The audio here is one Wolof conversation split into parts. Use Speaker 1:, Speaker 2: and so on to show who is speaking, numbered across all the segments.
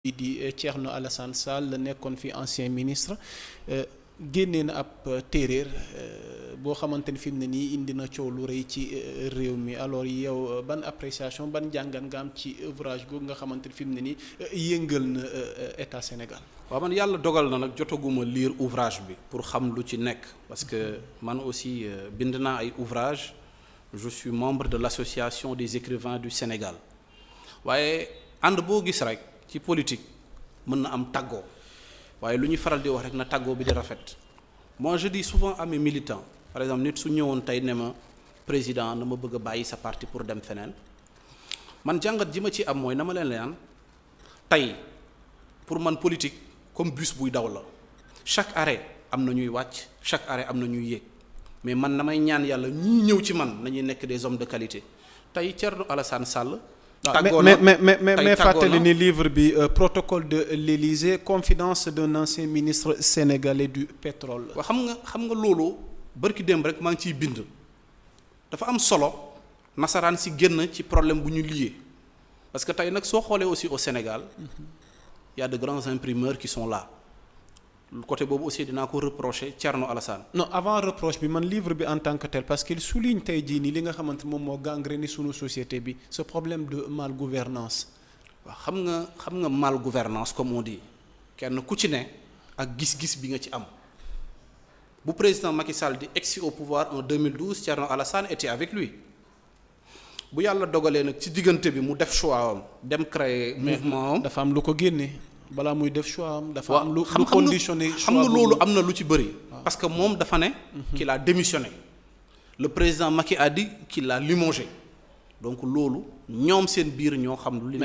Speaker 1: bi di eh, Thierno Alassane la nekkoon fi ancien ministre eh, génnee na ab eh, téeréer boo xamante ni fi mu ne nii indi na coow lu rëy ci réew mi alors yow ban appreciation ban jàngat nga am ci ouvrage googu nga xamante ni fi mu ne nii yëngal na état Sénégal. waaw man yàlla dogal na nag jotaguma liir ouvrage bi pour xam lu ci nekk parce que man aussi bind naa ay ouvrage je suis membre de l'association des écrivains du Sénégal waaye ànd boo gis rek. ci politique mën na am tàggoo waaye lu ñuy faral di wax rek na tàggoo bi di rafet moi je dis souvent amee militant par exemple nit su ñëwoon tey ne ma président na ma bëgg a bàyyi sa parti pour dem feneen man jàngat ji ma ci am mooy na ma leen leen tey pour man politique comme bus buy daw la chaque arrêt am na ñuy wàcc chaque arrêt am na ñuy yéeg mais man may ñaan yàlla ñuy ñëw ci man nañuy nekk des hommes de qualité tey Thierno Alassane Sall. Ah, mais mais mais mais fàttali ni livre bi euh, protocole de l'Élysée confidence de ancien ministre sénégalais du pétrole. waaw xam nga xam nga loolu bërki démb rek maa ngi ciy bind dafa am solo nasaraan si génn ci problème bu ñu lié parce que tey nag soo xoolee aussi au Sénégal mhm. y de grands imprimeurs qui sont là. côté boobu aussi dinaa ko reprocher Thierno Alassane. non avant reproche bi man livre bi en tant que tel parce qu'il souligne tey jii nii li nga xamante moom moo gangréné sunu société bi ce problème de mal gouvernance waaw xam nga xam nga mal gouvernance comme on dit kenn ku ci ne ak gis-gis bi nga ci am bu président Macky Sall di egsi au pouvoir en 2012 Thierno Alassane était avec lui bu yàlla dogalee nag ci diggante bi mu def choix am dem créer mouvement am dafa am lu ko génne balaa muy def choix am dafa am lu lu conditionné xam nga loolu am na lu ci bëri ah. parce que moom dafa ne mhm. qu'il a démissionné le président Macky a dit qu'il a limogé donc loolu ñoom seen biir ñoo xam. li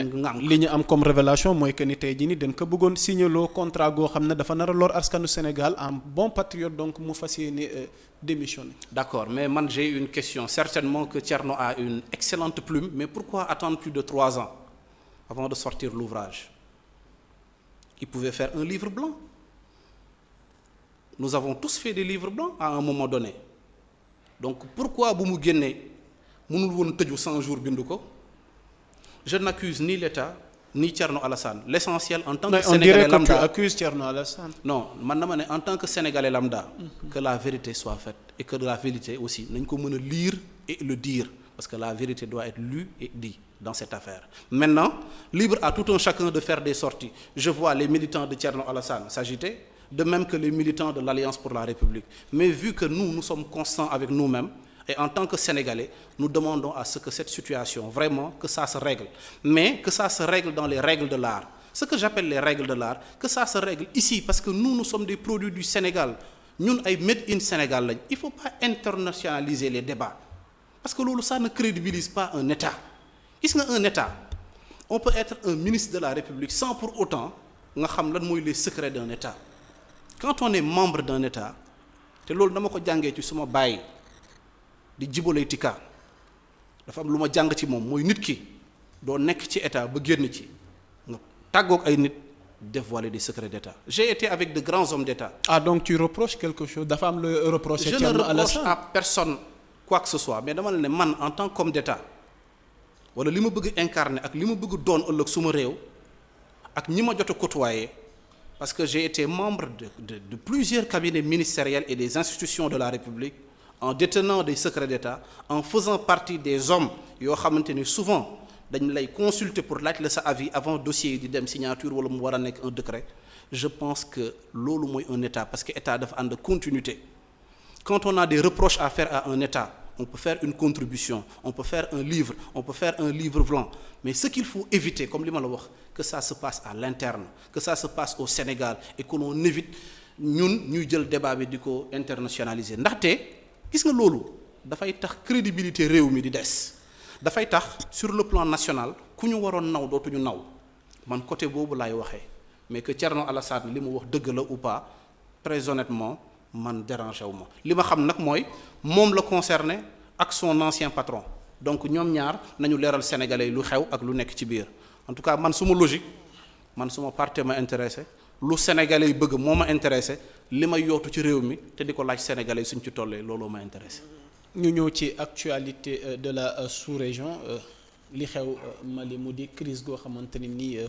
Speaker 1: li ñu am comme révélation mooy que ni ji jii ni dañ ko bëggoon signaloo contrat goo xam ne dafa nar a lor askanu Sénégal en bon patriote donc mu fas yéene euh, démissionné. d'accord mais man j'ai une question certainement que Thierno a une excellente plume mais pourquoi attendre plus de trois ans avant de sortir l'ouvrage il pouvait faire un livre blanc. Nous avons tous fait des livres blancs à un moment donné. Donc pourquoi bu mu génnee mënul woon tëju 100 jours bindu ko je n'accuse ni l'État ni Thierno Alassane l'essentiel en tant que Sénégalais lambda on dirait que tu accuses Thierno Alassane. non man dama ne en tant que Sénégalais lambda. Mm-hmm. que la vérité soit faite et que la vérité aussi nañ ko mën a lire et le dire. parce que la vérité doit être lue et dite dans cette affaire maintenant libre à tout un chacun de faire des sorties je vois les militants de Thierno Alassane s'agiter de même que les militants de l'Alliance pour la République mais vu que nous nous sommes constants avec nous-mêmes et en tant que Sénégalais nous demandons à ce que cette situation vraiment que ça se règle mais que ça se règle dans les règles de l'art ce que j'appelle les règles de parce que nous nous sommes des produits du Sénégal ñun ay made in Sénégal lañ internationaliser les débats parce que loolu ça ne crédibilise pas un état gis nga un état on peut être un ministre de la république sans pour autant nga xam lan mooy les secrets d'un état quand on est membre d'un état te loolu dama ko jàngee ci suma bàyyi di jibalay tika dafa am lu ma jàng ci moom mooy nit ki doo nekk ci état ba génn ci nga tàggoog ay nit dévoiler des secrets d'État j'ai été avec de grands hommes d'État ah donc tu reproches quelque chose dafa am looy reprocher reproche à personne quoi que ce soit mais dama la ne man en tant comme d'État wala li ma bëgg incarner ak li ma bëgg doon ëllëg suma réew ak ñi ma jot a côtoyer parce que j'ai été membre de, de de plusieurs cabinets ministériels et des institutions de la République en détenant des secrets d'État en faisant partie des hommes yoo xamante ni souvent dañ lay consulter pour laaj la sa avis avant dossier yi di dem signature wala mu war a nekk un décret je pense que loolu mooy un État parce que État dafa ànd continuité quand on a des reproches à faire à un État on peut faire une contribution on peut faire un livre on peut faire un livre blanc mais ce qu'il faut éviter comme li ma la wax que ça se passe à l'interne que ça se passe au Sénégal et que l'on ñun ñuy jël débat bi di ko internationaliser ndaxte gis nga loolu dafay tax crédibilité réew mi di des dafay tax sur le plan national ku ñu waroon naw dootuñu naw man côté boobu laay waxee mais que Thierno Alassane li mu wax dëgg la ou pas très man dérangé ma li ma xam nag mooy moom la concerné ak son ancien patron donc ñoom ñaar nañu leeral sénégalais lu xew ak lu nekk ci biir en tout cas man suma logique man suma parti ma intéressé lu sénégalais yi bëgg moo ma intéressé li ma yootu ci réew mi te di ko laaj sénégalais yi suñ ci tollee looloo ma intéressé. ñu ñëw ci actualité euh, de la euh, sous-région euh, li xew Mali mu di crise goo xamante nii